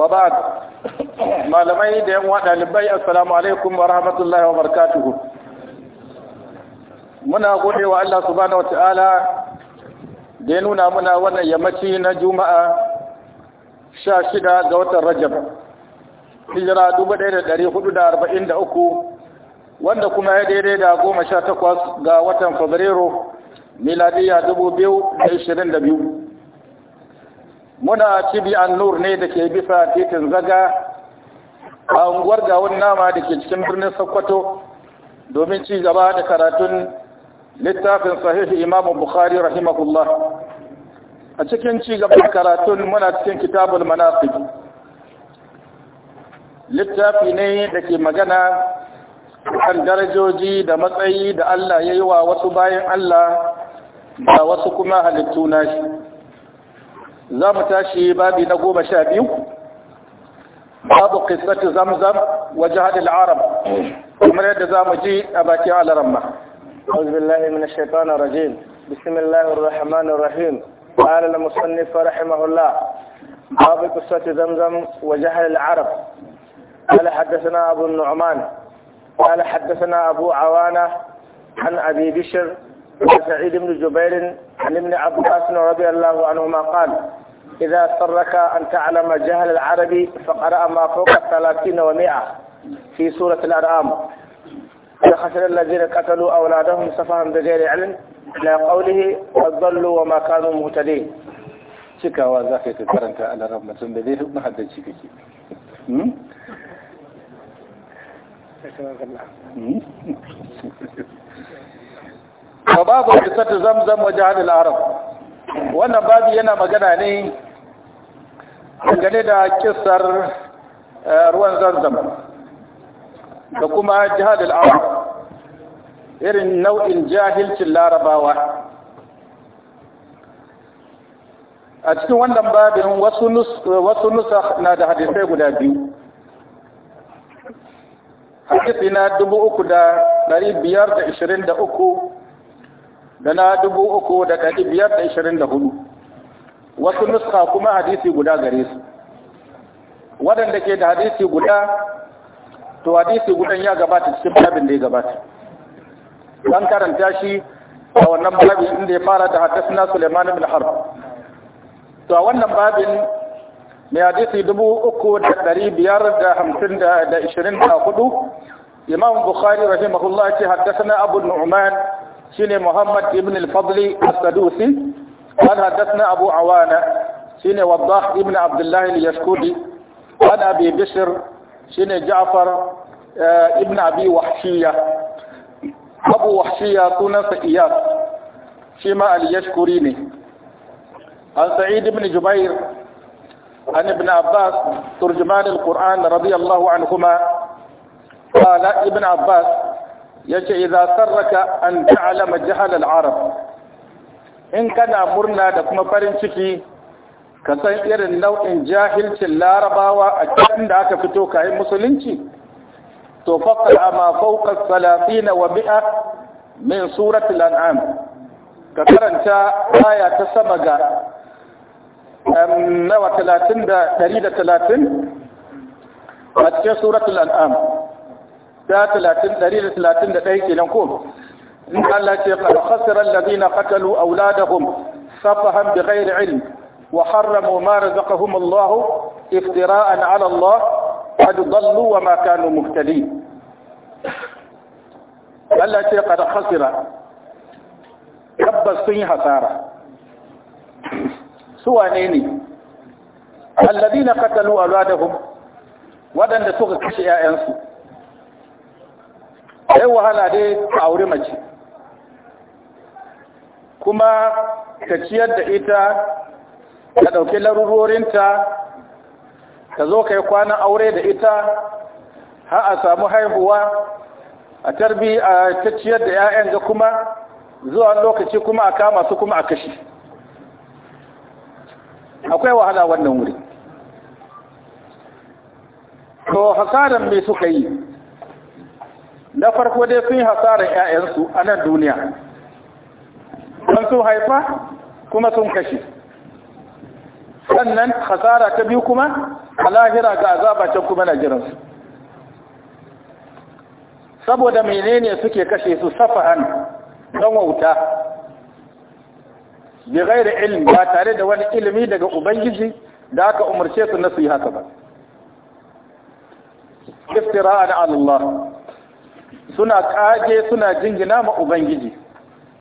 wa ba'd malamai da yan wada libai assalamu alaikum wa rahmatullahi wa barakatuh muna gode wa Allah subhanahu wataala da ya nuna muna wannan yammaci na juma'a 16 ga watan rajab hijira 1443 wanda kuma ya daidai da 18 ga watan fabrairu miladiya 2022 muna cibiyar nur ne da ke bisa titin zaga a unguwar gawun nama da ke cikin birnin sokoto domin ci gaba da karatun littafin sahihi imamu bukhari rahimahullah a cikin ci gaba karatun muna cikin kitabul manaqib littafi ne da ke magana kan darajoji da matsayi da Allah ya yi wa wasu bayan Allah da wasu kuma halittu nashi za mu tashi babi na goma sha biyu babu kissatu zamzam wa jihadil arab kamar yadda za mu ji a bakin alaramma أعوذ بالله من الشيطان الرجيم بسم الله الرحمن الرحيم قال المصنف رحمه الله باب قصة زمزم وجهل العرب قال حدثنا أبو النعمان قال حدثنا أبو عوانة عن أبي بشر وسعيد بن جبير عن ابن عباس رضي الله عنهما قال إذا اضطرك أن تعلم جهل العربي فقرأ ما فوق الثلاثين ومئة في سورة الأنعام خسر الذين قتلوا أولادهم سفها بغير علم إلى قوله قد ضلوا وما كانوا مهتدين شكا وزاكي كرنك على رب سنبذيه ما حد شكي فباب قصة زمزم وجهل العرب wannan babu yana magana ne dangane da kisar eh, ruwan zanzam da kuma jihad al'awa irin nau'in jahilcin larabawa a cikin wannan babin wasu nusa na da hadisai guda biyu hadisi na dubu uku da dari biyar da ishirin da uku da na dubu uku da dari biyar da ishirin da hudu wasu nuska kuma hadisi guda gare su waɗanda ke da hadisi guda to hadisi gudan ya gabata cikin babin da ya gabata dan karanta shi a wannan babin inda ya fara da na Suleiman bin Harb to a wannan babin mai hadisi dubu uku da ɗari biyar da hamsin da ishirin da hudu imam bukhari rahimahullah ce haddasa abu nu'man shine muhammad ibn al-fadli as-sadusi قال حدثنا أبو عوانة سين وضاح ابن عبد الله اليشكري عن أبي بشر سين جعفر آه، ابن أبي وحشية أبو وحشية سنة إياس شما اليشكريني عن سعيد بن جبير عن ابن عباس ترجمان القرآن رضي الله عنهما قال ابن عباس يجي إذا سرك أن تعلم جهل العرب in kana murna da kuma farin ciki ka san irin nau'in jahilcin larabawa a cikin da aka fito kayan musulunci to faqra ma fawqa salafina wa bi'a min surati al-an'am ka karanta aya ta sama ga nawa 30 da talatin? a cikin suratul an'am ta 30 131 kenan ko in Allah ce qad khasira alladhina qatalu awladahum safahan bighairi ilm wa harramu ma razaqahum Allah iftira'an 'ala Allah qad dallu wa ma kanu muhtadin Allah ce qad khasira tabbas sun yi hasara su wane ne alladhina qatalu awladahum waɗanda suka kashe 'ya'yansu sai wahala dai a aure mace kuma ka ciyar da ita ka ɗauki larurorinta ka zo ka yi kwanan aure da ita har a samu haihuwa a tarbi a ta ciyar da 'ya'yan ga kuma zuwa lokaci kuma a kama su kuma a kashi akwai wahala wannan wuri to hasaran me suka yi na farko dai sun yi hasaran 'ya'yansu a nan duniya don su haifa kuma sun kashe sannan hasara ta biyu kuma a lahira ga azaba can kuma na jiransu saboda menene suke kashe su safahan don wauta bi gairi ilmi ba tare da wani ilimi daga ubangiji da aka umarce su na su yi haka ba iftira'an Allah suna kage suna jingina ma ubangiji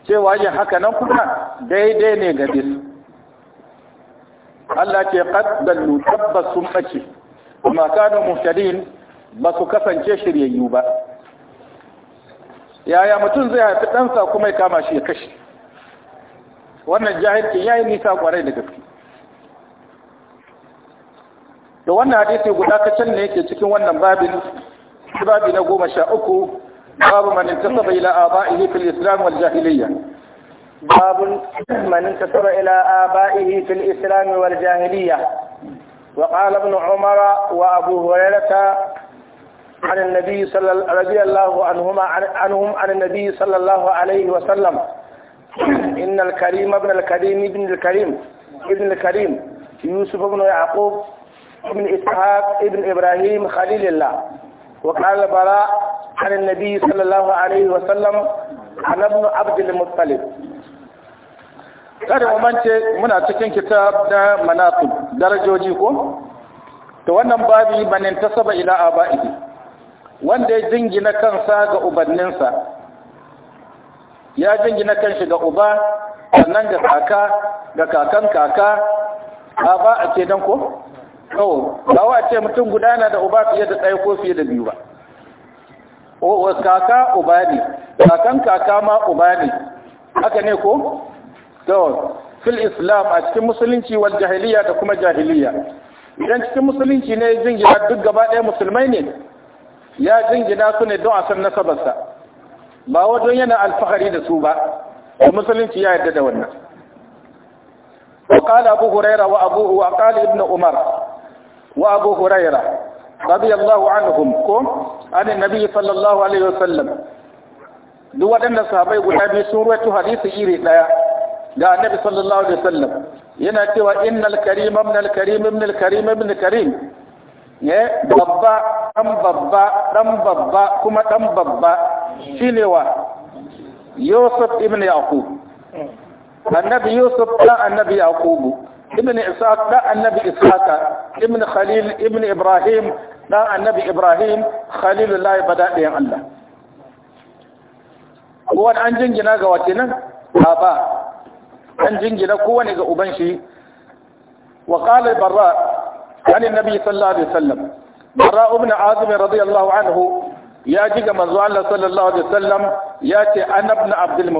cewa yin haka nan kuma daidai ne ga bisu Allah ce qad dallu tabbas sun bace kuma kanu muhtadin ba su kasance shiryayyu ba yaya mutum zai haifi ɗansa kuma ya kama shi ya kashe wannan jahilci ya yi nisa kwarai da gaske da wannan hadisi guda kacal ne yake cikin wannan babin babi na goma sha uku باب من انتسب إلى آبائه في الإسلام والجاهلية باب من انتسب إلى آبائه في الإسلام والجاهلية وقال ابن عمر وأبو هريرة عن النبي صلى رضي الله عنهما عنهم عن النبي صلى الله عليه وسلم إن الكريم ابن الكريم ابن الكريم ابن الكريم يوسف بن يعقوب ابن إسحاق ابن إبراهيم خليل الله وقال البراء عن النبي صلى الله عليه وسلم عن ابن عبد المطلب kada mu mance muna cikin kitab na manaqib darajoji ko to wannan babi banin tasaba ila aba'i wanda ya jingina kansa ga ubanninsa ya jingina kanshi ga uba sannan ga kaka ga kakan kaka aba a ce dan ko kawo ba ce mutum gudana da uba fiye da ɗaya ko fiye da biyu ba kaka uba kakan kaka ma uba ne haka ne ko to fil islam a cikin musulunci wal jahiliya da kuma jahiliya idan cikin musulunci ne jingina duk gaba ɗaya musulmai ne ya jingina su ne don a san nasabarsa ba wajen yana alfahari da su ba da musulunci ya yarda da wannan وقال أبو wa وأبوه وقال ابن عمر abu هريرة radiyallahu anhum ko an annabi sallallahu alaihi wasallam duk waɗanda sahabbai guda biyu sun ruwaito hadisi iri ɗaya ga annabi sallallahu alaihi wasallam yana cewa innal karim ibn al karim ibn al karim ibn karim ne eh, babba dan babba dan babba kuma dan babba shine wa yusuf ibn yaqub annabi yusuf da annabi yaqub ibn ishaq da annabi ishaq ibn khalil ibn ibrahim da annabi ibrahim khalilullahi badadiyan Allah kowan an jingina ga wace baba an jingina kowane ga uban shi wa barra an annabi sallallahu alaihi wasallam barra ibn azib radiyallahu anhu ya ji ga manzo Allah sallallahu ya ce ana ibn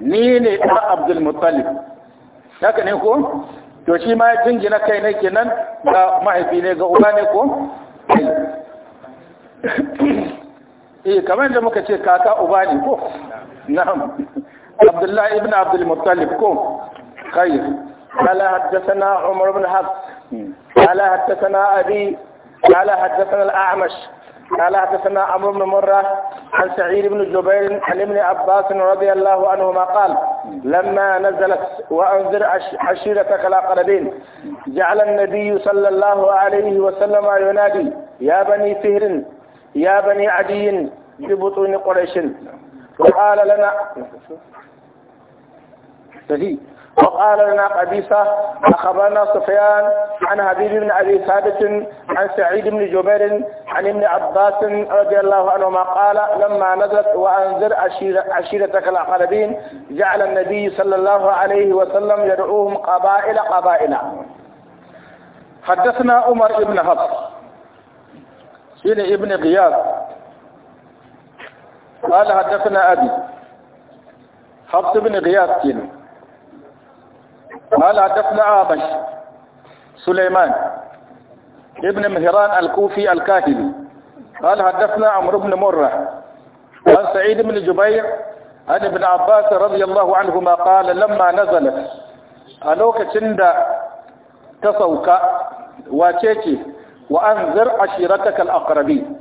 ni ne ibn abdul haka ne ko to shi ma jingina kai ne kenan ga mahaifi ne ga uba ne ko eh kamar da muka ce kaka uba ne ko na'am abdullahi ibn abdul muttalib ko khair قال umar ibn بن حفص قال abi أبي قال al amash. قال حدثنا عمرو بن مرة عن سعيد بن جبير عن ابن عباس رضي الله عنهما قال لما نزلت وأنذر عشيرتك الأقربين جعل النبي صلى الله عليه وسلم ينادي يا بني فهر يا بني عدي ببطون قريش وقال لنا صحيح وقال لنا قبيصة أخبرنا سفيان عن حبيب بن أبي ثابت عن سعيد بن جبير عن ابن عباس رضي الله عنهما قال لما نزلت وأنذر عشيرتك الأقربين جعل النبي صلى الله عليه وسلم يدعوهم قبائل قبائل حدثنا عمر بن حفص سين ابن غياث قال حدثنا أبي حفص بن غياث كينه قال حدثنا عابش سليمان ابن مهران الكوفي الكاتبي قال حدثنا عمرو بن مرة عن سعيد بن جبير عن ابن عباس رضي الله عنهما قال لما نزلت ألوك تند تسوك واتيتي وأنذر عشيرتك الأقربين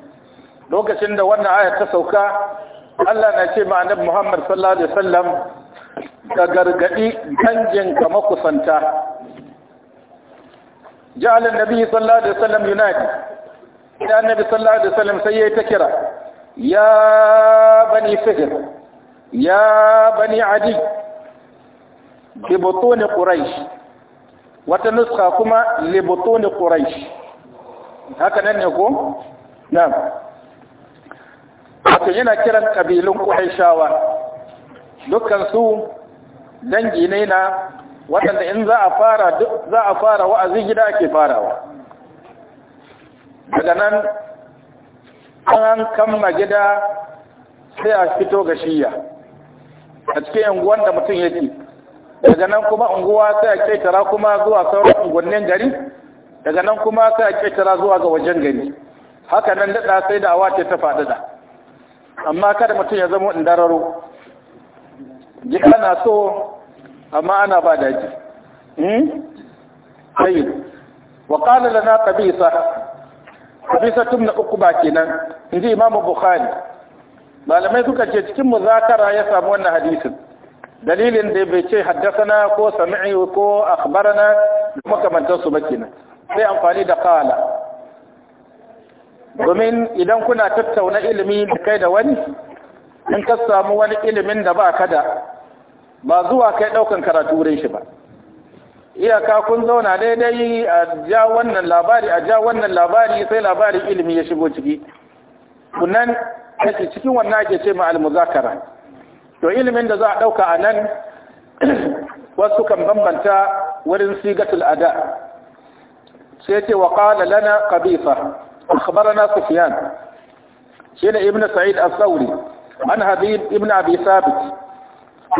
لوك تند وانا آية تسوك Allah na ce ma annabi Muhammad sallallahu alaihi wasallam Ka gargadi kanjin ka makusanta ja'alan nabi sallallahu alaihi wasallam yunadi ya nabi sallallahu alaihi wasallam sai yayi ta kira ya bani fihr ya bani adi bi butun quraish wata nuska kuma li butun quraish haka nan ne ko na'am haka yana kiran ƙabilun ƙuhaishawa dukkan su dangi ne na waɗanda in za a fara duk za a fara wa'azi gida ake farawa daga nan an kamma gida sai a fito ga shiya a cikin unguwan da mutum yake daga nan kuma unguwa sai a ƙetara kuma zuwa sauran unguwannin gari daga nan kuma sai a ƙetara zuwa ga wajen gari haka nan daɗa sai da awa ce ta da amma kada mutum ya zama indararo ji na so amma ana ba daji sai hmm? wa qala lana qabisa qabisa tumna ba kenan inji imam bukhari malamai suka ce cikin muzakara ya samu wannan hadisin dalilin da bai ce haddasana ko sami'i ko akhbarana makamantar su ba kenan sai amfani da kala. domin idan kuna tattauna ilimi da kai da wani in ka samu wani ilimin da ba ka da ba zuwa kai ɗaukan karatu wurin shi ba iyaka kun zauna daidai a ja wannan labari a ja wannan labari sai labarin ilimi ya shigo ciki kunan ake cikin wannan ake ce ma almuzakara to ilimin da za a ɗauka a nan wasu kan bambanta wurin sigatul ada sai ce wa qala lana qabisa akhbarana sufyan shine ibnu sa'id as-sauri an habib ibn abi sabit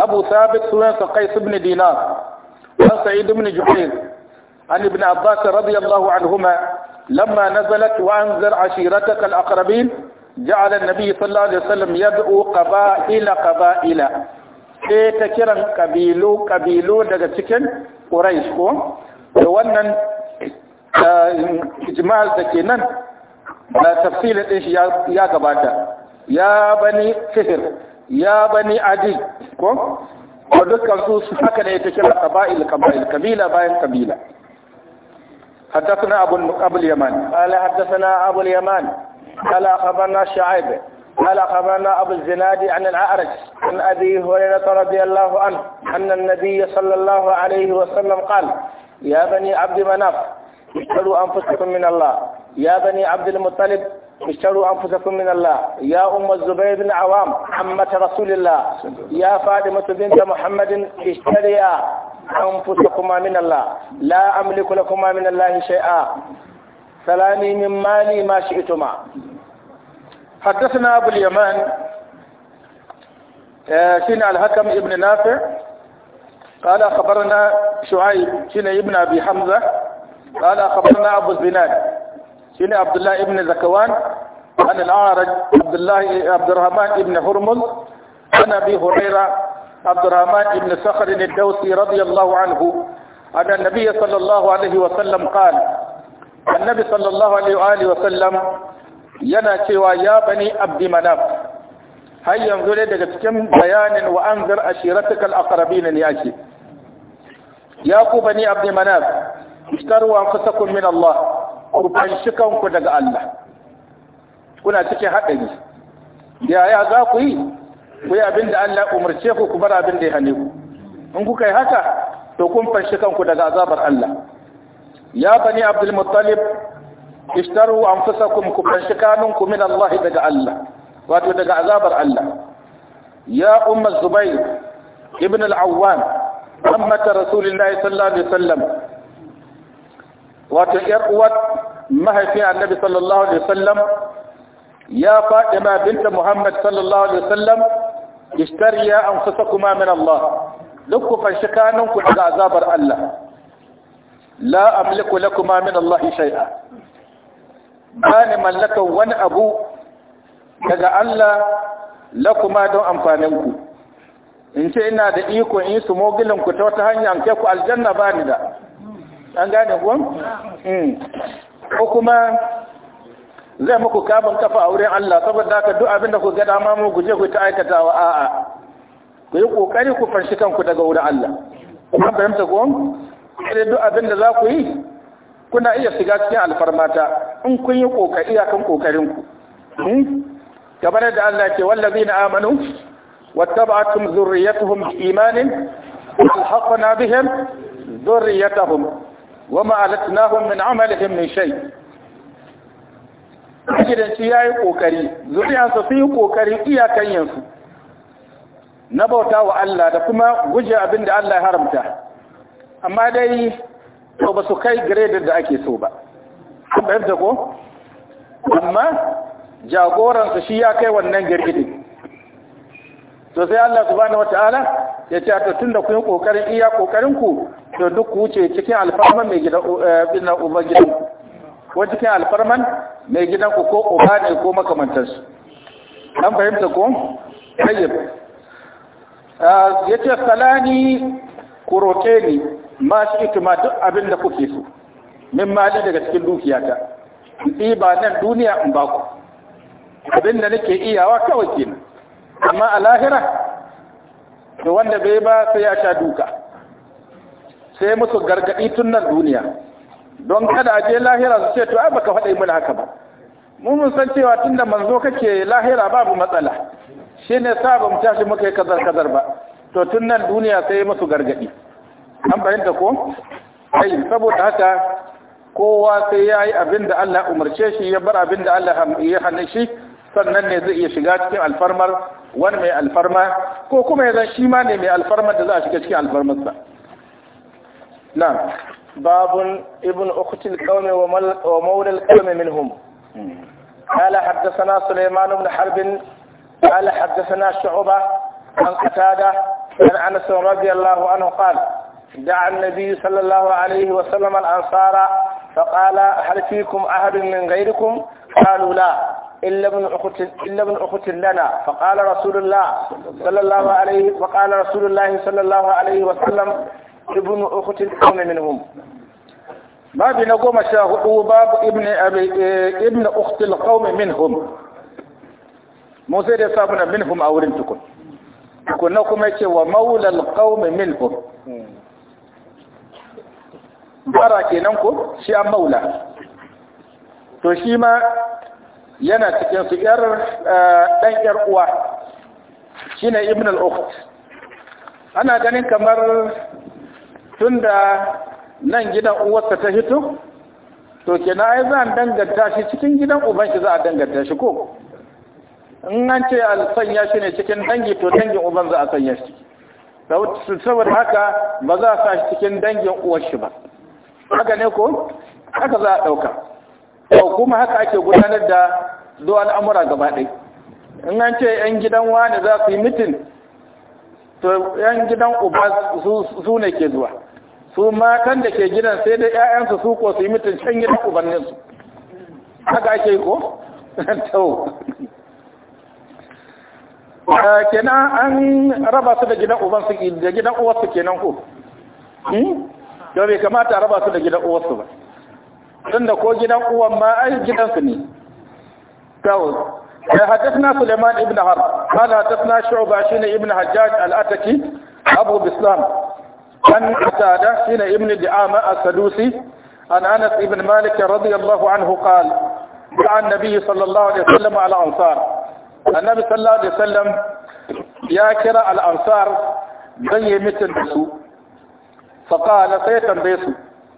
abu sabit sunansa qais dina. dinar an sa'id ibn jubair an ibn abbas radiyallahu anhuma لما نزلت وأنذر عشيرتك الأقربين جعل النبي صلى الله عليه وسلم يدعو قبائل قبائل sai ta kiran kabilu kabilu daga cikin Quraysh ko da wannan ijmal da ke nan da tafsilin din shi ya gabata ya bani fihir ya bani adi ko a dukkan su su haka ne ta kira kaba'il kaba'il kabila bayan kabila haddasana abun abul yaman ala haddasana abul yaman ala khabarna shu'aib ala khabarna abu zinadi an al-a'raj an abi hurairah radiyallahu an anna an-nabiy sallallahu alayhi wa sallam qala ya bani abd manaf isalu anfusakum min allah ya bani abd al اشتروا أنفسكم من الله يا أم الزبير بن عوام عمة رسول الله يا فاطمة بنت محمد اشتريا أنفسكما من الله لا أملك لكما من الله شيئا سلامي من مالي ما شئتما حدثنا أبو اليمان سين آه، الحكم ابن نافع قال أخبرنا شعيب سين ابن أبي حمزة قال أخبرنا أبو الزناد shine Abdullahi ibn Zakawan an al-A'raj Abdullahi Abdurrahman ibn Hurmuz an Abi Huraira Abdurrahman ibn Sakhr al-Dawsi radiyallahu anhu أن النبي sallallahu الله wa sallam قال النبي sallallahu الله wa sallam yana cewa ya bani abdi manaf har yanzu dai daga cikin bayanin wa an zar ashiratukal aqrabin ne yake ya ku bani abdi manaf ishtaru anfusakum min Allah ku fanshi kanku daga Allah kuna cikin haɗari yaya za ku yi ku yi abin da Allah umarce ku ku bar abin da ya hane ku in kuka yi haka to kun fanshi kanku daga azabar Allah ya bani abdul muttalib ishtaru anfusakum ku fanshi kanunku min Allah daga Allah wato daga azabar Allah ya umma zubair ibn al awwan amma rasulullahi sallallahu alaihi wasallam wato yar mahaifin annabi sallallahu alaihi wasallam ya faɗi ma binta muhammad sallallahu alaihi wasallam ishtariya kuma min allah duk ku fanshi kanunku daga azabar allah la amliku lakum min allah shay'a bani mallaka wani abu daga allah lakuma don amfaninku in ce ina da iko in su mogilinku ta wata hanya an kai ku aljanna bani da an gane kuwa? Hmm. ko kuma zai muku kafin kafa a wurin Allah saboda haka duk abinda ku gada mamu mu guje ku ta wa a'a ku yi kokari ku fanshi kanku daga wurin Allah kuma fahimta ko sai duk abinda za ku yi kuna iya shiga cikin alfarmata in kun yi kokari akan kokarin ku hmm. kamar yadda Allah ce na amanu wattaba'tum zurriyatuhum bi imanin alhaqna bihim zurriyatuhum wama alatnahum min amalihim min shay yi yayi kokari zuriyansa sun yi kokari iyakan yansu na bauta wa Allah da kuma guje abin da Allah ya haramta amma dai to ba su kai graded da ake so ba kun ko amma jagoransa shi ya kai wannan girgidin to sai Allah subhanahu wataala ya ce to tunda ku yi kokarin iya kokarin ku to duk ku wuce cikin alfarman mai gidan eh, bin uba gidan ko cikin alfarman mai gidan ku ko uba ne ko su an fahimta ko tayyib ah, yace salani kuroteni, ma shi kuma duk abin da kuke so min mali daga cikin dukiyata in ba nan duniya in ba ku abin da nake iyawa kawai kenan amma a lahira da wanda bai ba sai ya sha duka sai musu gargaɗi tun nan duniya don kada a je lahira su ce to ai baka faɗa mana haka ba mu mun san cewa tun da manzo kake lahira babu matsala shine ne sa ba mu tashi muka yi kazar kazar ba to tun nan duniya sai musu gargaɗi an fahimta ko ai saboda haka kowa sai ya yi abin Allah umarce shi ya bar abinda da Allah ya hana shi sannan ne zai iya shiga cikin alfarmar wani mai alfarma ko kuma ya zan shi ma ne mai alfarmar da za a shiga cikin alfarmarsa na babun ibn Ukutul qaumi wa mawla al-qaumi minhum قال حدثنا سليمان بن حرب قال حدثنا شعبة عن قتادة عن أنس رضي الله عنه دعا النبي صلى الله عليه وسلم الأنصار فقال هل فيكم أحد من غيركم قالوا لا إلا ابن أخت لنا فقال رسول الله صلى الله عليه وقال رسول الله صلى الله عليه وسلم ابن na goma sha hudu babu ibn uktil qaumi minhum mu sai da samu minhum a wurin tukun tukunna kuma yake wa maulal qaumi minhum bara kenan ko shi an maula to shi yana cikin su yar eh, dan yar uwa shine ibn al-ukht ana ganin kamar tunda nan gidan uwarsa ta hito to kenan ai za danganta shi cikin gidan uban shi za a danganta shi ko in an ce a sanya shi ne cikin dangi to dangin uban za a sanya shi saboda haka ba za a sa shi cikin dangin uwar shi ba haka ne ko haka za a ɗauka to kuma haka ake gudanar da zuwa al'amura gaba ɗai in an ce 'yan gidan wani za su yi mitin to 'yan gidan uba su ne ke zuwa su matan da ke gidan sai dai 'ya'yansu su ko su yi mitin can gidan ubanninsu haka ake ko? ta'u. kenan an raba su da gidan uban su da gidan uwarsu kenan ko? don hmm? bai kamata a raba su da gidan uwarsu ba tunda ko gidan uwan ma ai gidansu ne kawo ya haddasna Suleiman ibn Harb kana haddasna Shu'ba shine ibn Hajjaj al-Ataki Abu Bislam an Qatada shine ibn Di'ama as-Sadusi an Anas ibn Malik radiyallahu anhu qala قال النبي صلى الله عليه وسلم على الأنصار النبي صلى الله عليه وسلم يا كرى الأنصار زي مثل بسو فقال سيتم بيسو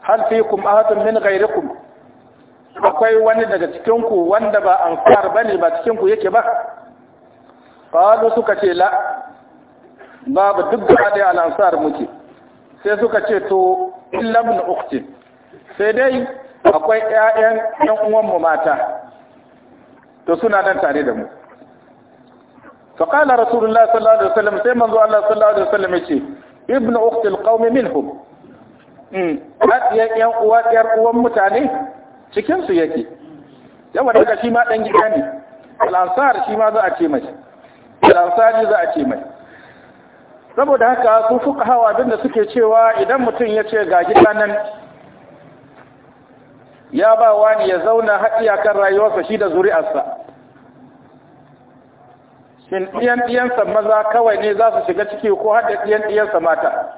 هل فيكم أهد من غيركم akwai wani daga cikinku wanda ba ansar bane ba cikinku yake ba qalu suka ce la babu duk da dai al ansar muke sai suka ce to illa min ukhti sai dai akwai ƴaƴan ƴan uwan mu mata to suna nan tare da mu fa qala rasulullah sallallahu alaihi wasallam sai manzo Allah sallallahu alaihi wasallam yace ibnu ukhti al qaumi minhum mm ƴan uwa ƴar uwan mutane Cikinsu su yake yawa daga shi ma dan gida ne al’asar shi ma za a ce mai al’asar za a ce mai saboda haka su fuka hawa abinda suke cewa idan mutum ya ce ga gida nan ya ba wani ya zauna har iyakar rayuwarsa shi da zuri'arsa shin ɗiyan ɗiyansa maza kawai ne za su shiga ciki ko haɗa ɗiyan ɗiyansa mata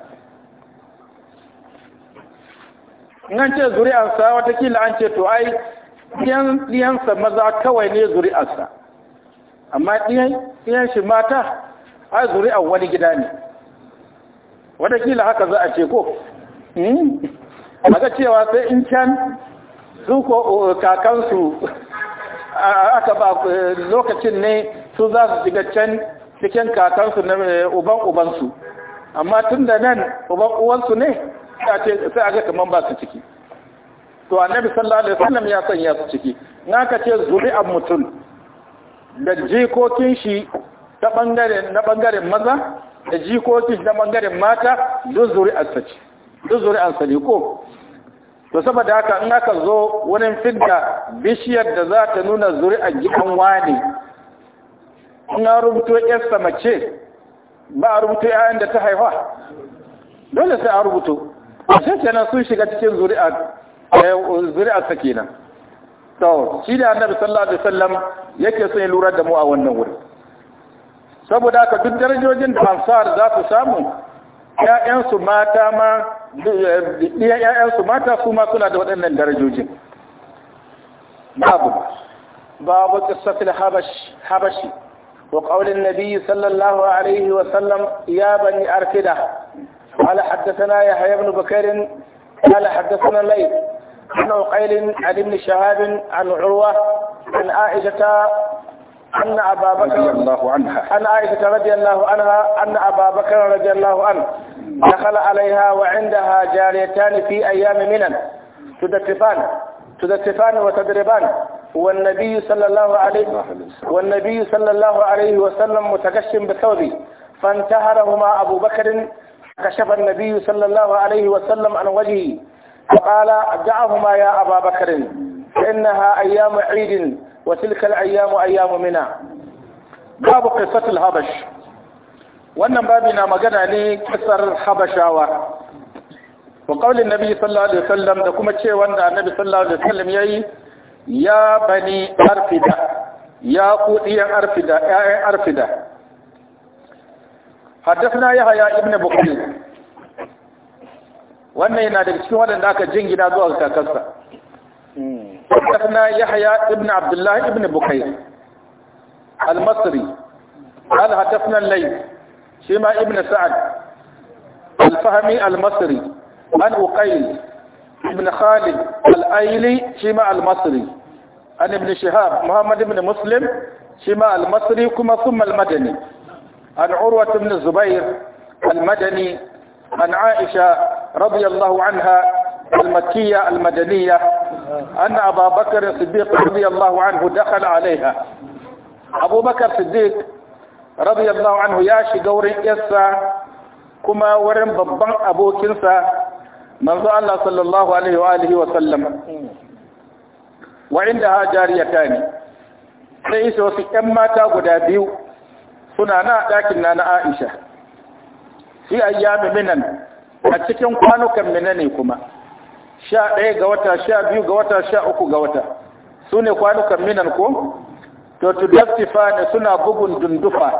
in an ce zuri'arsa watakila an ce to ai ɗiyansa maza kawai ne zuri'arsa amma ɗiyan shi mata ai zuri'ar wani gida ne watakila haka za a ce ko maka hmm? cewa sai in can su kakansu aka ba eh, lokacin ne su za su shiga can cikin kakansu na eh, uban ubansu amma tun da nan uban uwansu ne sai aka kaman ba su ciki to annabi sallallahu alaihi wasallam ya sanya su ciki na ka ce zuri'ar mutum da jikokin shi ta bangaren na bangaren maza da jikokin shi na bangaren mata duk zuri sa ce duk sa ne ko to saboda haka in aka zo wurin fidda bishiyar da za ta nuna zuri'ar gidan wani in an rubuto yarsa mace ba a rubuto yayan da ta haifa dole sai a rubuto shi kenan sun shiga cikin zuri'a eh, zuri'arsa kenan to shi da annabi sallallahu alaihi wasallam yake son yi lura da mu a wannan wuri saboda haka duk darajojin da ansar za su samu ya'yansu mata ma ƴaƴansu mata su ma suna da waɗannan darajojin babu babu qissatul habash habashi wa qawlin nabi sallallahu alaihi wasallam ya bani arkida قال حدثنا يحيى بن بكير قال حدثنا الليث عن عقيل عن ابن شهاب عن عروة عن عائشة أن أبا بكر رضي الله عنها عن عائشة رضي الله عنها أن أبا بكر رضي الله عنه دخل عليها وعندها جاريتان في أيام منن تدتفان تدتفان وتدربان والنبي صلى الله عليه والنبي صلى الله عليه وسلم متكشم بثوبه فانتهرهما أبو بكر كشف النبي صلى الله عليه وسلم عن وجهه فقال دعهما يا أبا بكر فإنها أيام عيد وتلك الأيام أيام منى باب قصة الهبش wannan babi na magana ne kisar habashawa wa kaulin nabi sallallahu alaihi wasallam da kuma ce wanda annabi sallallahu alaihi wasallam yayi ya bani arfida ya ku arfida arfida حدثنا يحيى ابن بكير wannan yana daga cikin waɗanda aka jingina zuwa ga kakarsa حدثنا يحيى ابن عبد الله ابن بكير المصري قال حدثنا الليث شيما ابن سعد الفهمي المصري عن أقيل ابن خالد الأيلي شيما المصري عن ابن شهاب محمد بن مسلم شيما المصري كما ثم المدني عن عروة بن الزبير المدني عن عائشة رضي الله عنها المكية المدنية أن أبا بكر الصديق رضي الله عنه دخل عليها أبو بكر الصديق رضي الله عنه يا شقور يسا كما ورم ببان أبو كنسا منذ الله صلى الله عليه وآله وسلم وعندها جاريتان sai isa wasu ‘yan mata guda biyu suna na ɗakin na na Aisha fi ayyami minan a cikin kwanukan mina ne kuma sha ɗaya ga wata sha biyu ga wata sha uku ga wata su ne kwanukan minan ko to to daftifa ne suna bugun dundufa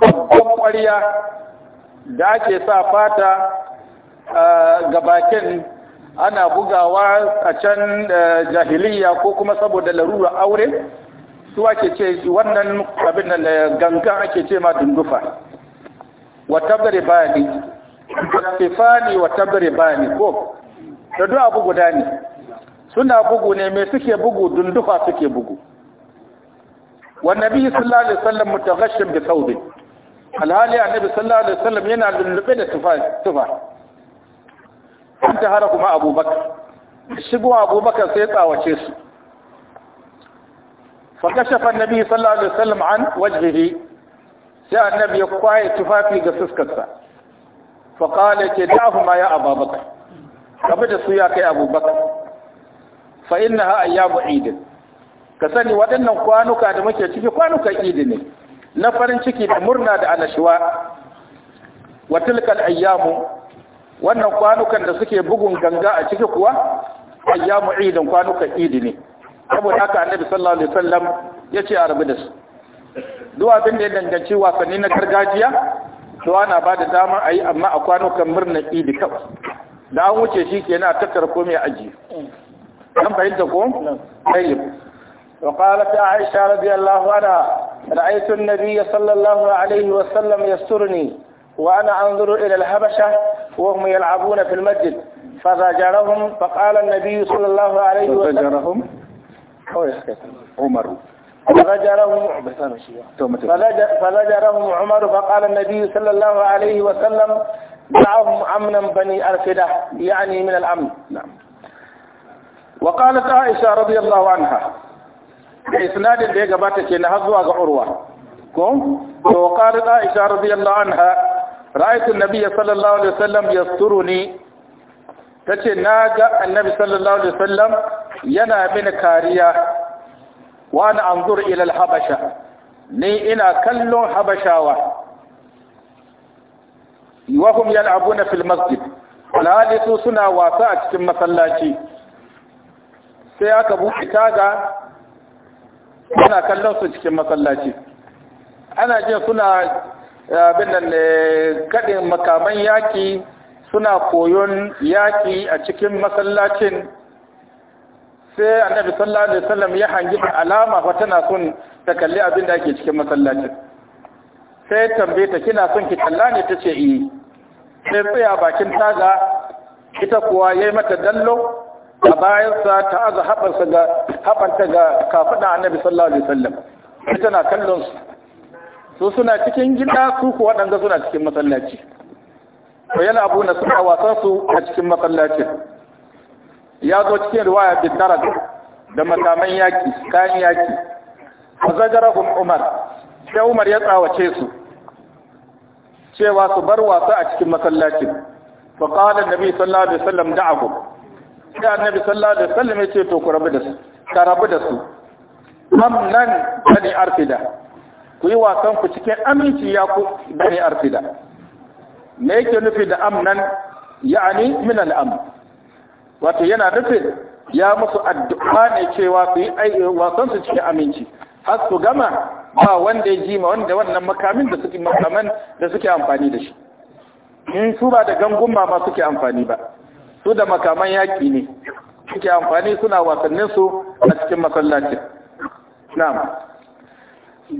babban ƙwarya da ake sa fata ga bakin ana bugawa a can eh, jahiliya ko kuma saboda larura aure su ake ce wannan abin da eh, gangan ake ce ma dundufa wa tabribani wasifani wa tabribani ko da duk abu guda ne suna bugu ne me suke bugu dundufa suke bugu wa nabi sallallahu alaihi wasallam mutaghashshim bi thawbin alhali annabi sallallahu alaihi wasallam yana lullube da tufa tufa ta tahara kuma abubakar shigo abubakar sai tsawace su فكشف النبي صلى الله عليه وسلم عن وجهه جاء النبي قواي تفافي قصص كسا فقال كدعهما يا أبا بكر قبل سياك يا أبو بكر فإنها أيام عيد كسني ودنا قوانك هذا مكي تفي قوانك عيدني نفرن شكي مرنا على شواء وتلك الأيام wannan kwanukan da suke bugun ganga a ciki kuwa ayyamu idin kwanukan saboda haka annabi sallallahu alaihi wasallam ya a rabu da su duk da ya danganci wasanni na gargajiya to ana bada dama a yi amma a kan murna idi kawai da an wuce shi ke a tattara komai mai aji an fahimta ko? ɗayyib وقالت عائشة رضي الله عنها رأيت النبي صلى الله عليه ana يسترني وأنا أنظر إلى wa وهم يلعبون في المسجد فزجرهم فقال النبي صلى الله عليه وسلم kawai suka san umaru fala jarahun umaru ba kala nabi sallallahu alaihi wasallam ma'ahun amnan bani alfida ya ne min al'amun wa kala ta aisha radiyallahu anha da isnadin da ya gabata ke na har zuwa ga urwa ko to kala ta alaihi wasallam yasturuni na ga annabi yana mini kariya wani an zur ilal habasha ni ina kallon habashawa wahum yal'abuna fil masjid alhali su suna wasa a cikin masallaci sai aka buɗe taga suna kallon su cikin masallaci ana jin suna eh, abin eh, kaɗin makaman yaki suna koyon yaki a cikin masallacin sai annabi sallallahu alaihi wasallam ya hangi alama fa tana son ta kalli abin da ake cikin masallacin sai tambaye ta kina son ki kalla ne tace eh sai tsaya bakin taga ita kuwa yayi mata dallo a bayansa ta aza haɓarsa ga haɓanta ga kafaɗa annabi sallallahu alaihi wasallam ita na kallon su su suna cikin gida su ko waɗanda suna cikin masallaci to yana abu na suna wasan su a cikin masallacin ya zo cikin ruwaya bin narad da makaman yaki kayan yaki fazajarahum umar sai umar ya tsawace su cewa su bar wasa a cikin masallacin fa qala Nabi sallallahu alaihi wasallam da'ahu sai annabi sallallahu alaihi wasallam ya ce to ku rabu da su ka rabu da su nan bani arfida ku yi wasan ku cikin aminci ya ku bani arfida me yake nufi da amnan ya'ani min al-amn wato yana nufin ya musu addu'a ne cewa su yi wasan su cikin aminci har su gama ba wanda ya ji ma wanda wannan makamin da suke makaman da suke amfani da shi in su ba da gangun ba suke amfani ba su da makaman yaƙi ne suke amfani suna wasannin su a cikin masallacin na'am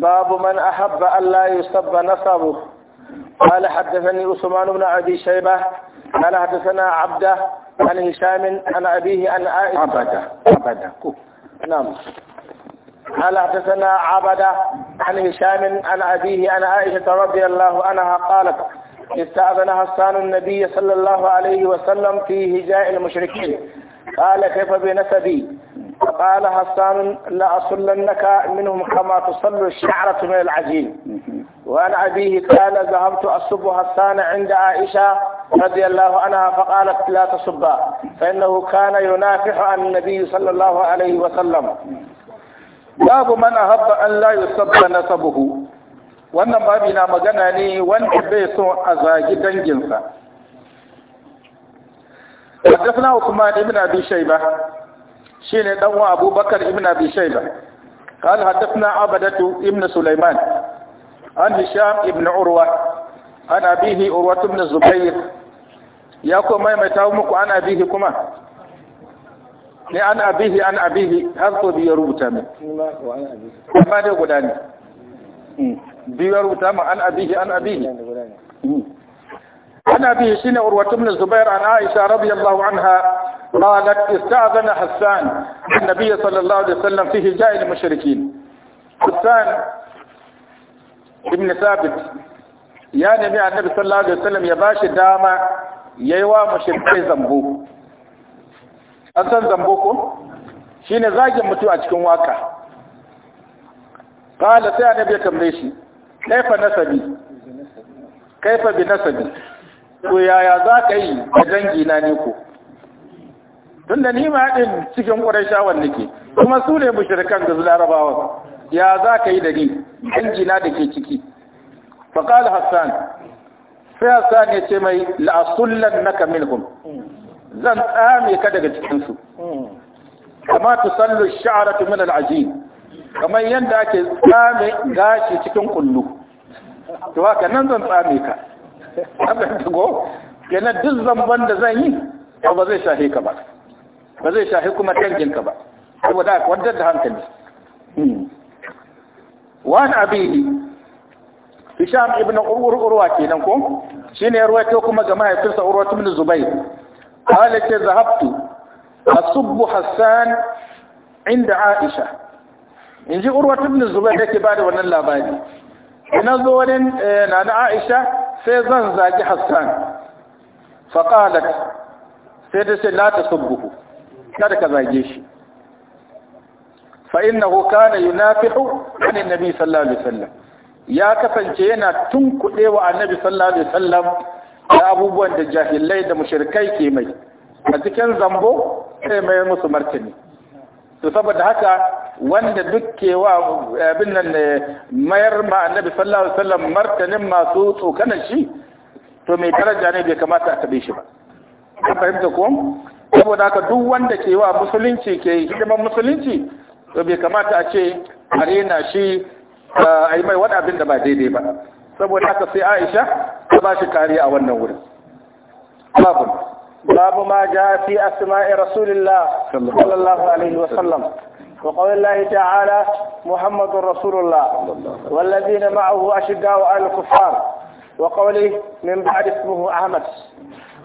babu man ahabba Allah yusabba nasabu قال حدثني عثمان بن عدي شيبة قال حدثنا عبده عن هشام عن أبيه عن عائشة عبدة عبدة نعم قال حدثنا عبدة عن هشام عن أبيه عن عائشة رضي الله عنها قالت استأذن حسان النبي صلى الله عليه وسلم في هجاء المشركين قال كيف بنسبي فقال حسان لأصلنك منهم كما تصل الشعرة من العجين وعن أبيه قال ذهبت أصبها حسان عند عائشة رضي الله عنها فقالت لا تصبا فإنه كان ينافح عن النبي صلى الله عليه وسلم باب من أحب أن لا يصب نسبه وأن babi na magana ne wanda bai so حدثنا عثمان ابن ابي شيبه شين دوا ابو بكر ابن ابي شيبه قال حدثنا عبدة ابن سليمان an hisham ibn urwa an abihi urwa ibn zubair ya ko maimaita muku an abihi kuma ne an abihi an abihi har ko biyar rubuta kuma dai guda ne biyar rubuta min an abihi an abihi عن أبي سنة عروة بن الزبير عن عائشة رضي anha. عنها قالت استأذن حسان النبي صلى الله عليه وسلم في هجاء المشركين ibn sabit ya nemi annabi sallallahu alaihi wasallam ya bashi dama yayi wa mushrikai zambo an san zambo ko shine zagin mutu a cikin waka qala sai annabi ya tambaye shi kaifa nasabi kaifa bi nasabi to yaya za ka yi a dangi na ne ko tunda ni ma din cikin qurayshawan nake kuma su ne mushrikan da larabawa ya za ka yi da ni injina da ke ciki faƙal hassan sai hassan ya ce mai la'asullan naka minhum zan tsame ka daga cikinsu kama tu sallu tu min aji kamar yadda ake tsame gashi cikin kullu to haka nan zan tsame ka abin go yana duk zamban da zan yi ba zai shahe ka ba ba zai shahe kuma tanginka ba saboda wadda da hankali hmm. wani abin hisham ibn urwa kenan ko shine ya ruwaito kuma ga mahaifinsa urwa ibn zubair qala ta zahabtu asubbu hassan inda aisha inji urwa ibn zubair yake bada wannan labari ina zo na eh, nana aisha sai zan zagi hassan fa qalat sai ta ce la tasubbuhu kada ka zage shi فإنه كان ينافح عن النبي صلى الله alaihi وسلم ya kasance yana tunkuɗe وعن النبي صلى alaihi عليه da abubuwan da jahilai da الليد ke mai a cikin zambo sai mai musu martani to saboda haka wanda ما wa abin صلى mayar عليه وسلم مرتني alaihi wasallam martanin masu tsokanan shi to mai daraja ne bai kamata a tabe ba ka saboda haka duk wanda ke wa musulunci ke hidimar musulunci to bai kamata a ce a rena shi a yi mai wani abin da ba daidai ba saboda haka sai aisha ta ba shi kariya a wannan wurin babu babu ma ja fi asma'i rasulillah sallallahu alaihi wa sallam wa وقول الله تعالى محمد رسول الله والذين معه al kufar wa qawli min ba'd ismihi ahmad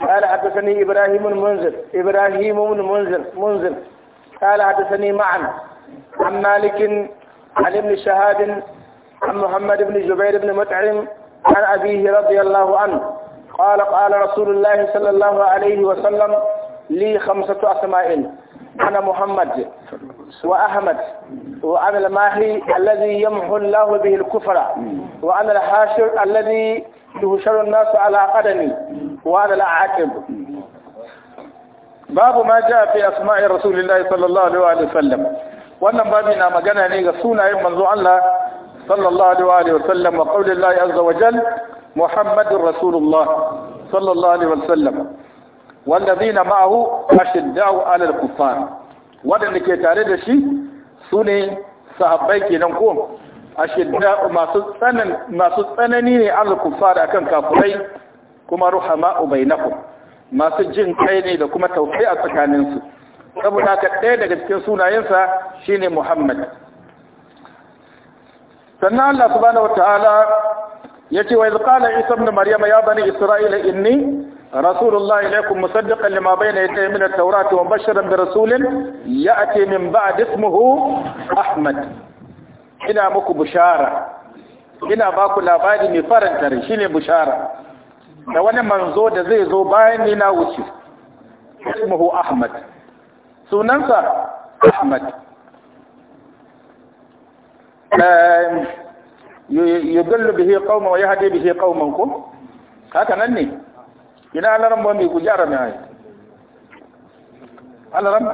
قال حدثني إبراهيم المنذر إبراهيم المنذر منذر قال حدثني معن عن مالك عن ابن شهاد عن محمد بن جبير بن مطعم عن أبيه رضي الله عنه قال قال رسول الله صلى الله عليه وسلم لي خمسة أسماء أنا محمد وأحمد وأنا الماهي الذي يمحو الله به الكفر وأنا الحاشر الذي يهشر الناس على قدمي وأنا العاقب باب ما جاء في أسماء رسول الله صلى الله عليه وسلم wannan babi na magana ne ga sunayen manzo Allah sallallahu alaihi wa sallam wa qaulin Allah azza wa jal Muhammadur Rasulullah sallallahu alaihi wa sallam ladina ma'ahu ashiddau 'ala al-kuffar wadan ke tare da shi sune sahabbai kenan ko ashiddau masu tsanan masu tsanani ne al-kuffar akan kafirai kuma ruhama bainakum masu jin kai ne da kuma tausayi a tsakaninsu saboda ka daga cikin sunayensa shi ne Muhammad. Sannan Allah su bane wata'ala ya ce, Wai zukala isa da Maryama ya bari Isra’ila inni, Rasulullah ilaikun musaddiƙan lima bai na yadda ya mina taurata wa bashirar da Rasulun ya a ce min ba a dismuhu Ahmad. Ina muku bushara, ina ba ku labari mai faranta shi ne bushara. Da wani manzo da zai zo bayan nina wuce, dismuhu Ahmad. sunansa Ahmad ehm, yudullu bihi qauman wa yahdi bihi qauman ku haka nan ne ina alaran ba mai ku gyara mai hayi alaran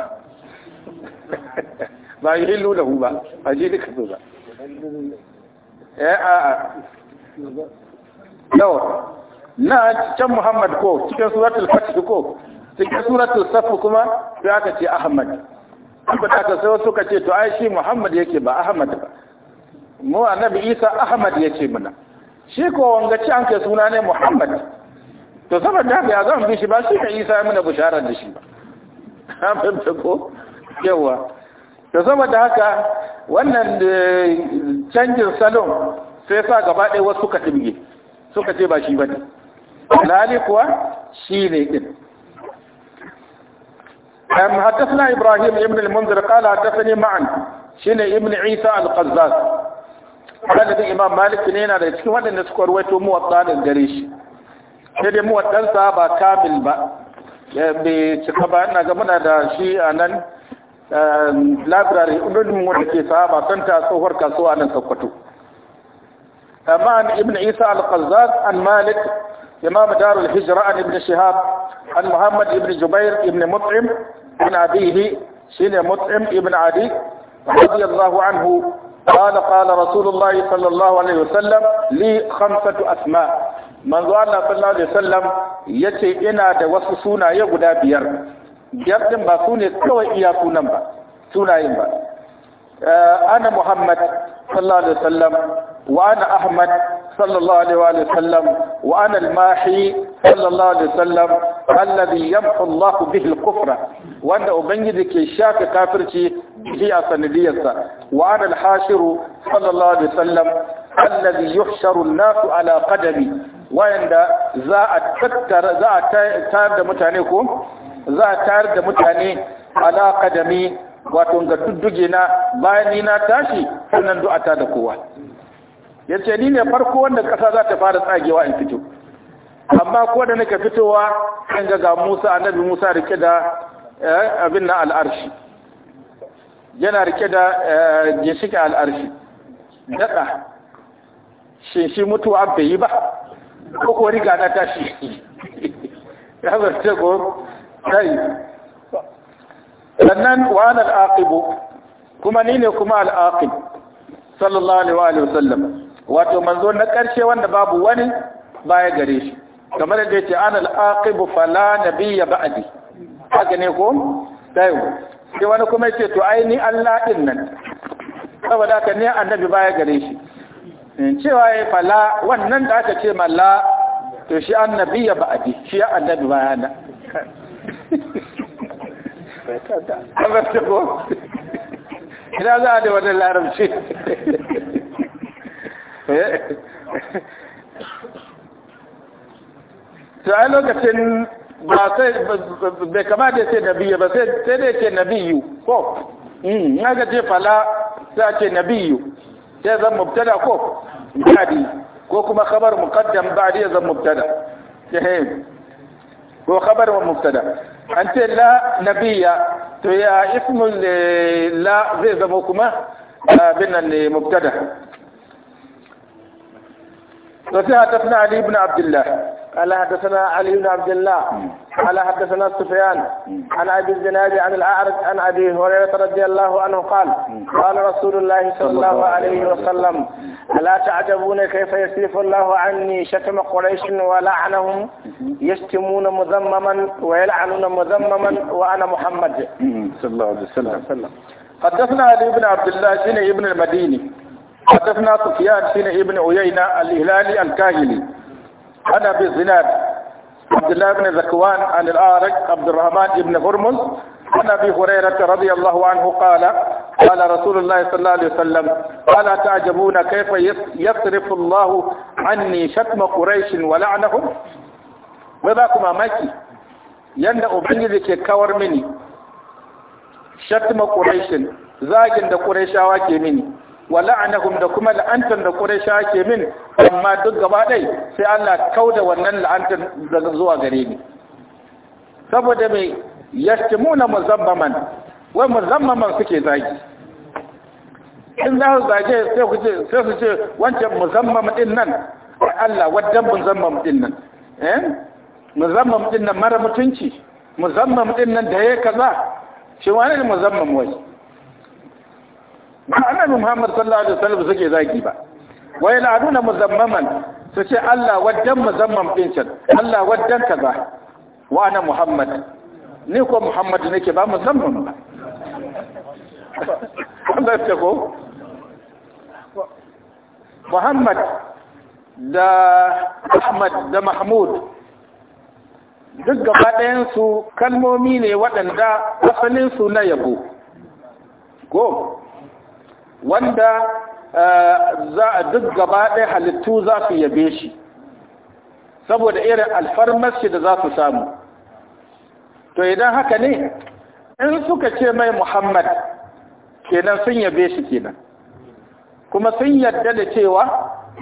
ba yi hillu da hu ba ba ji duka so ba eh a a yawa na can muhammad ko cikin suratul fatih ko cikin suratul safu kuma sai aka ce ahmad aka taka sai wasu ka ce to ai shi muhammad yake ba ahmad ba mu annabi isa ahmad yake muna shi ko wanga ci an ke suna ne muhammad to saboda haka ya zan bi shi ba shi ne isa ya muna bushara da shi ba fahimta ko yawa to saboda haka wannan eh, canjin salon sai sa gaba ɗaya wasu suka tibge suka ce ba shi ba ne lali kuwa shi ne ɗin حدثنا إبراهيم ابن المنذر قال حدثني معا شين ابن عيسى القزاز قال الذي إمام مالك نينا لتكي وانا نسكور ويتو موطان الجريش هذا موطان صحابة كامل با بشكبا أنا قمنا دا شيء أنا library ɗin wanda ke sahaba san ta tsohuwar kasuwa nan sokoto amma ibn isa al-qazzaz an malik إمام دار الهجرة عن ابن شهاب عن محمد ابن جبير ابن مطعم عن أبيه سين مطعم ابن عدي رضي الله عنه قال قال رسول الله صلى الله عليه وسلم لي خمسة أسماء من الله صلى الله عليه وسلم يتي إنا دوس سونا يغدا بير بير با سوني كوي إيا سونا با سونا با أنا محمد صلى الله عليه وسلم وأنا أحمد sallallahu alaihi wa sallam wa al-mahi sallallahu alaihi wa sallam alladhi yamhu Allah bihi wanda ubangiji ke shafe kafirci bihi a sanadiyarsa wa al-hashiru sallallahu alaihi wa sallam alladhi yuhsharu an-nasu ala Wayanda wanda za a tattara da mutane ko za a mutane wato ga dudduge na bayan ni na tashi sannan du'ata da kowa ya ce ni ne farko wanda ƙasa za ta fara tsagewa in fito amma ko da nake fitowa kan ga Musa annabi Musa rike da eh, abin na al'arshi yana rike da eh, ginshiƙin al'arshi daɗa shi shi mutuwa bai yi ba ko ko riga na tashi ya zarce ko sai sannan wa al'aqibu kuma ni ne kuma al'aqib sallallahu alaihi wa sallam wato manzo na karshe wanda babu wani baya gare shi kamar da yace ana al-aqibu fala nabiyya ba'di haka ne ko sai sai wani kuma yace to ai ni Allah din nan saboda haka ne annabi baya gare shi cewa ya fala wannan da aka ce malla to shi annabiyya ba'di shi annabi baya ko Ina za a da wani larabci. sai ai lokacin ba sai bai kama da ce nabiya ba sai dai ce nabiyu ko mm, na aka ce fala sai ce nabiyu sai zan mubtada ko gadi ko kuma khabar muqaddam ba'di ya zan mubtada ko khabar wa mubtada an ce la nabiya to ya ismu eh, la zai zama kuma abin ne eh, mubtada وفي حدثنا علي بن عبد الله قال حدثنا علي بن عبد الله قال حدثنا سفيان عن ابي الزناد عن الاعرج عن ابي هريره رضي الله عنه قال قال رسول الله صلى الله عليه وسلم الا تعجبون كيف يسرف الله عني شتم قريش ولعنهم يشتمون مذمما ويلعنون مذمما وانا محمد صلى الله عليه وسلم حدثنا علي بن عبد الله بن ابن المديني حدثنا سفيان بن ابن عيينة الهلالي الكاهلي عن أبي الزناد عبد الله بن ذكوان عن الآرق عبد الرحمن بن هرمز عن أبي هريرة رضي الله عنه قال قال رسول الله صلى الله عليه وسلم ألا تعجبون كيف يصرف الله عني شتم قريش ولعنهم وذاكما ماكي yanda ubangiji ke kawar mini shatma quraishin zagin da qurayshawa ke mini wa la'anahum da kuma la'antar da Quraysh ke min amma duk gaba dai sai Allah kauda wannan la'antar daga zuwa gare ni saboda mai yashtimuna muzammaman wai muzammaman suke zagi in za su zage sai ku ce sai su ce wancan muzammam din nan Allah wadan muzammam din nan eh muzammam din nan mara mutunci muzammam din nan da yake kaza shi wani ne muzammam wai ba annabi Muhammad sallallahu alaihi wasallam suke zaki ba wai la aduna muzammaman su ce Allah waddan muzamman din can Allah waddan kaza wa ana Muhammad ni ko Muhammad nake ba muzamman ba Allah ce ko Muhammad da Ahmad da Mahmud duk gaba su kalmomi ne waɗanda su na yabo ko wanda eh, za a duk gaba ɗaya halittu za su yabe shi saboda irin alfarmarshi da za su samu to idan haka ne in suka ce mai muhammad kenan sun yabe shi kenan kuma sun yarda da cewa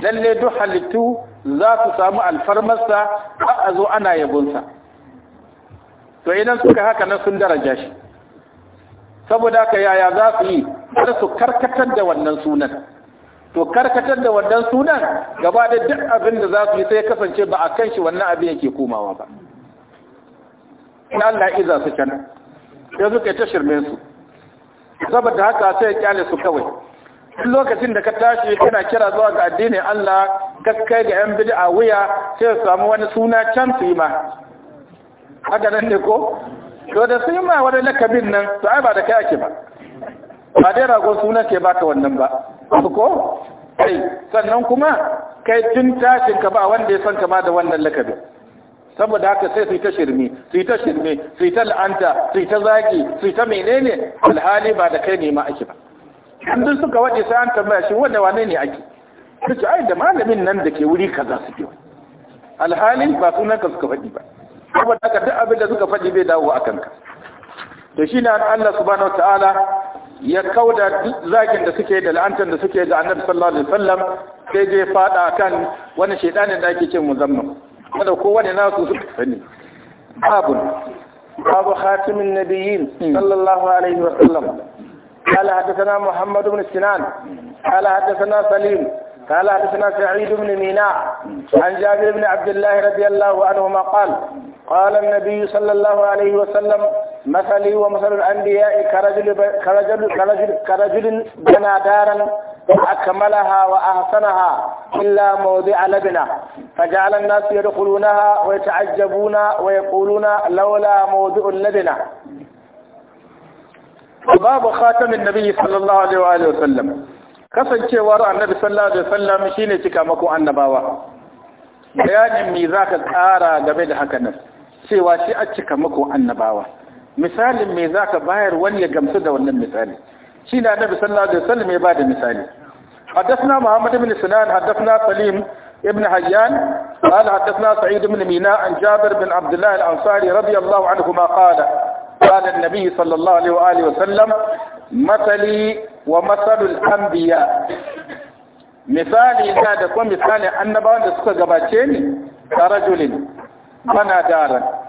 lalle duk halittu za su samu alfarmarsa ba a zo ana yabonsa to idan suka haka nan sun daraja shi saboda ka yaya za su yi kar su karkatar da wannan sunan to karkatar da wannan sunan gaba da duk abin da za su yi sai kasance ba a kan shi wannan abin yake komawa ba in Allah iza su can sai suka yi ta shirme su saboda haka sai ya kyale su kawai lokacin da ka tashi kana kira zuwa ga addinin Allah kakkai ga yan bid'a wuya sai su samu wani suna can su yi ma haka nan ne ko to da su yi ma wani lakabin nan to ai ba da kai ake ba ba dai ragon suna ke baka wannan ba su ko kai sannan kuma kai tun tashin ka ba wanda ya san ka ba da wannan lakabin saboda haka sai su yi ta shirme su yi ta shirme su yi ta la'anta su yi ta zagi su yi ta menene alhali ba da kai ne ma ake ba duk suka waje sai an tambaya shi wanda wane ne ake su ce ai da malamin nan da ke wuri kaza su ke alhali ba sunan ka suka faɗi ba saboda haka duk abin da suka faɗi bai dawo a kanka to shi ne Allah subhanahu wa ta'ala ya kauda duk zagin da suke da la'antar da suke ga annabi sallallahu alaihi wasallam sai je fada kan wani shedanin da ake ce muzamman kada kowane nasu su sani babu babu khatimin nabiyyin sallallahu alaihi wasallam قال حدثنا محمد بن سنان قال حدثنا سليم قال حدثنا سعيد بن ميناء عن جابر بن عبد الله رضي الله عنهما قال قال النبي صلى الله عليه وسلم مثلي ومثل الأنبياء كرجل كرجل كرجل كرجل بنى دارا أكملها وأحسنها إلا موضع لبنة فجعل الناس يدخلونها ويتعجبون ويقولون لولا موضع لبنة باب خاتم النبي صلى الله عليه وآله وسلم kasancewar شيء وراء النبي صلى الله عليه وسلم شيني bayanin me zaka tsara game da haka nan cewa سيواشي a cika mako misalin me zaka bayar wani ya gamsu da wannan misali shine annabi sallallahu alaihi wasallam ya bada misali حدثنا محمد بن سنان حدثنا سليم ابن حيان قال حدثنا سعيد بن ميناء عن جابر بن عبد الله الأنصاري رضي الله عنهما قال قال النبي صلى الله عليه وآله وسلم مثلي ومثل الأنبياء مثالي هذا كم مثالي أن بعض السجباتين كرجل بنى دارا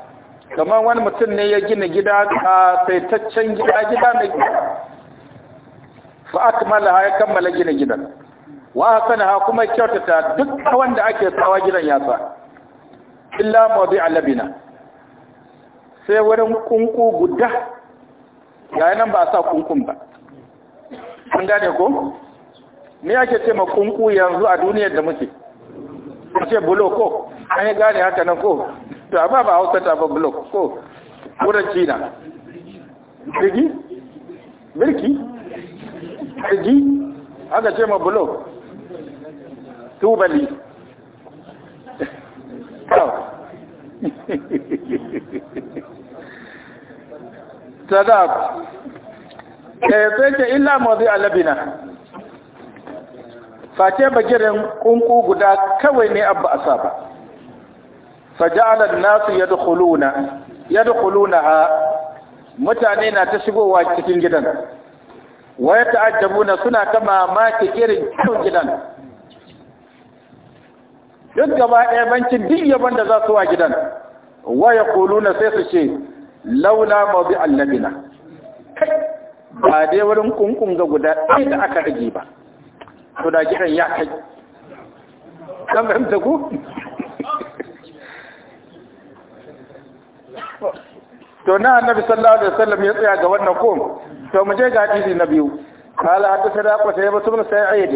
kamar wani mutum ne ya gina gida a taitaccen gida gida na gida fa'akmala ya kammala gina gidan wa hasanaha kuma kyautata duk wanda ake tsawa gidan ya sa illa mawdi alabina sai wurin kunku guda ga nan ba a sa kunkun ba an gane ko me ake ce ma kunku yanzu a duniyar da muke ce bulo ko an yi gane haka nan ko to amma ba hausa ta ba blok ko wurin na birgi birki birgi aka ce ma blok tubali sadab ke eh, fece illa mazi alabina face bagirin kunku guda kawai ne abu asaba فجعل الناس nasu يدخلونها yadkhulunaha mutane na ta shigowa cikin gidan wa ta'ajjabuna suna ta mamaki irin cikin gidan duk gaba ɗaya bancin duk yaban da za su wa gidan wa kuluna sai su ce laula mawdi allabina ba dai wurin kunkun ga guda ɗaya da aka rage ba to da gidan ya kai kamar ku to na annabi sallallahu alaihi wasallam ya tsaya ga wannan ko to mu je ga hadisi na biyu قال حدثنا قتيبة بن سعيد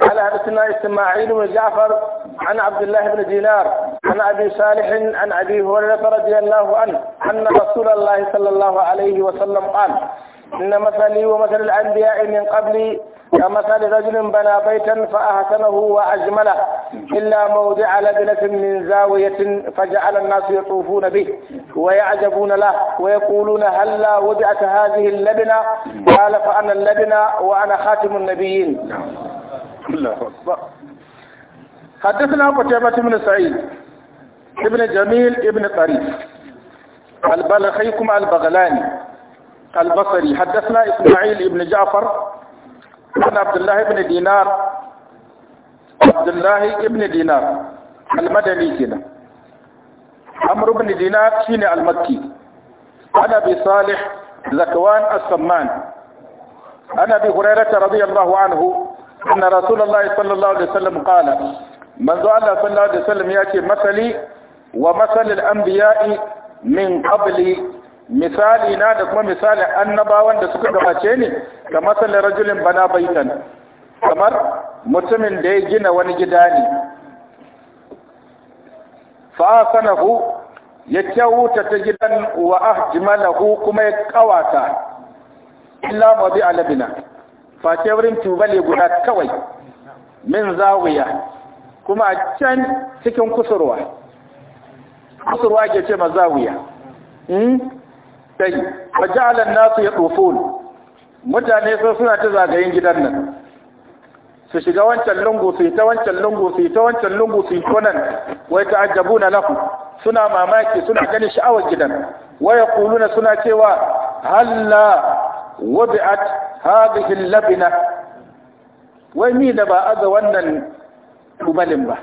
قال حدثنا إسماعيل بن جعفر عن عبد الله بن دينار عن أبي صالح عن أبي هريرة رضي الله عنه أن رسول الله صلى الله عليه وسلم قال إن مثلي ومثل الأنبياء من قبلي كمثل رجل بنى بيتا فأحسنه وأجمله إلا موضع لبنة من زاوية فجعل الناس يطوفون به ويعجبون له ويقولون هلا هل وضعت هذه اللبنة قال فأنا اللبنة وأنا خاتم النبيين حدثنا قتيبة بن سعيد ابن جميل ابن طريف البلخيكم البغلاني البصري حدثنا إسماعيل ابن جعفر عن عبد الله بن دينار عبد الله بن دينار المدني كده عمرو بن دينار شين المكي عن ابي صالح زكوان السمان عن ابي هريره رضي الله عنه ان رسول الله صلى الله عليه وسلم قال من الله صلى الله عليه وسلم ياتي مثلي ومثل الانبياء من قبلي misali na da kuma misalin annabawan da suka gabace ni ga matsalar rajulin bana baitan kamar mutumin da ya gina wani gida ne fa'asanahu ya kyauta ta gidan wa ahjimalahu kuma ya kawata illa mabi alabina face wurin tubale guda kawai min zawiya kuma a can cikin kusurwa kusurwa ke ce ma zawiya hmm? dai fajalan nasu ya tsofon mutane sun suna ta zagayen gidan nan su shiga wancan lungu su yi ta wancan lungu su yi ta wancan lungu su yi konan wai ta'ajjabu na lahu suna mamaki suna ganin sha'awar gidan waya kuluna suna cewa halla wabi'at hadhihi labina wai mi da ba aza wannan tubalin ba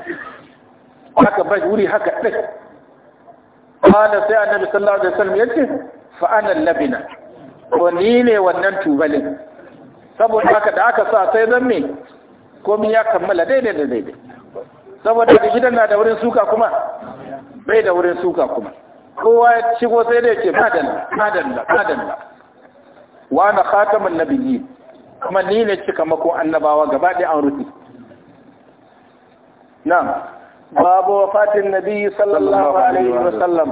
haka bai wuri haka dai qala sai annabi sallallahu alaihi wasallam yace fa'anan labina ko ni ne wannan tubalin saboda haka da aka sa sai zan me komi ya kammala daidai da daidai saboda da gidan na da wurin suka kuma bai da wurin suka kuma kowa ya shigo sai da yake madalla madalla madalla wa na khatamun kuma ni ne cika annabawa gaba an babu wafatin Nabi sallallahu alaihi wa sallam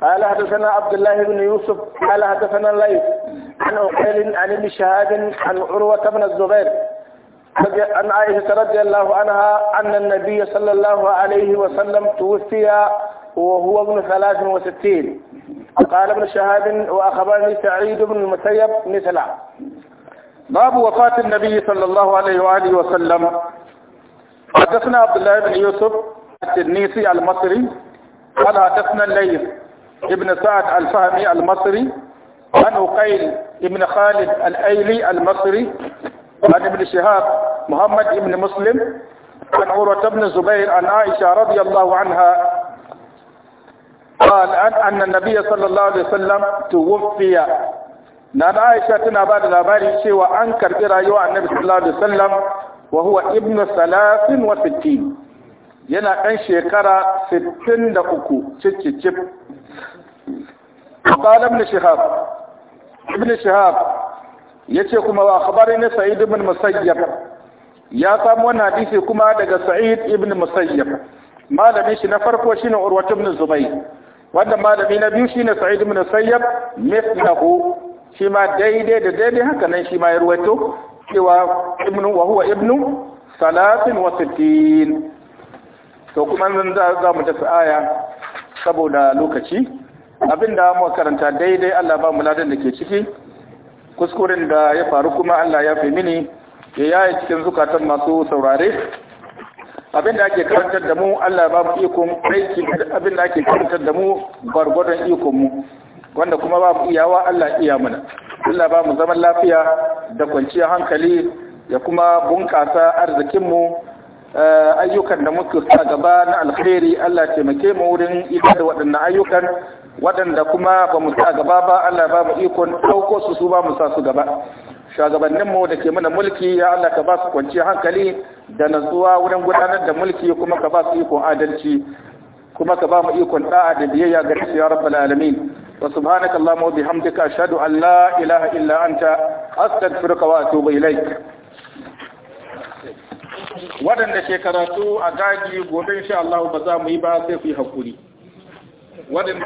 قال حدثنا عبد الله بن يوسف قال حدثنا الليث عن عقيل عن ابن شهاد عن عروة بن الزبير عن عائشة رضي الله عنها أن النبي صلى الله عليه وسلم توفي وهو ابن 63 قال ابن شهاب وأخبرني سعيد بن المسيب مثلا باب وفاة النبي صلى الله عليه وآله وسلم حدثنا عبد الله بن يوسف التنيسي المصري قال حدثنا الليث ابن سعد الفهمي المصري عن عقيل ابن خالد الأيلي المصري عن ابن شهاب محمد ابن مسلم عن عروة بن الزبير عن عائشة رضي الله عنها قال أن النبي صلى الله عليه وسلم توفي نعم عائشة بعد الأباري وأنكر الى إرايوة النبي صلى الله عليه وسلم وهو ابن ثلاث وستين أنشي كرا ستين 63 cicicip قال ابن شهاب ابن shihab yace kuma wa akhbari ne sa'id ibn musayyab ya samo wannan hadisi kuma daga sa'id ibn musayyab malami shi na farko shine urwat ibn zubayr wannan malami na biyu shine sa'id ibn musayyab mithlahu shi ma daidai da daidai hakanan nan shi ma ya ruwaito cewa ibnu wa huwa ibnu 63 to kuma za mu tafi aya saboda lokaci abin da mu karanta daidai Allah ba mu ladan da ke ciki kuskuren da ya faru kuma Allah ya fi mini ya yaye cikin zukatan masu saurare abin da ake karantar da mu Allah ba mu ikon aiki abin da ake karantar da mu gwargwadon ikon mu wanda kuma ba mu iyawa Allah iya mana Allah ba mu zaman lafiya da kwanciyar hankali ya kuma bunƙasa arzikin mu eh, ayyukan da muke sa gaba na alkhairi Allah taimake mu wurin ita da waɗannan ayyukan waɗanda kuma ba mu sa gaba ba Allah ba mu ikon ɗauko su su ba mu sa su gaba shugabanninmu da ke mana mulki ya Allah ka ba su kwanci hankali da natsuwa wurin gudanar da mulki kuma ka ba su ikon adalci kuma ka ba mu ikon da'a da biyayya ga su ya rabbal alamin wa subhanaka allahumma wa bihamdika ashhadu an la ilaha illa anta astaghfiruka wa atubu ilaik waɗanda ke karatu a gaji gobe insha Allah ba za mu yi ba sai ku yi haƙuri.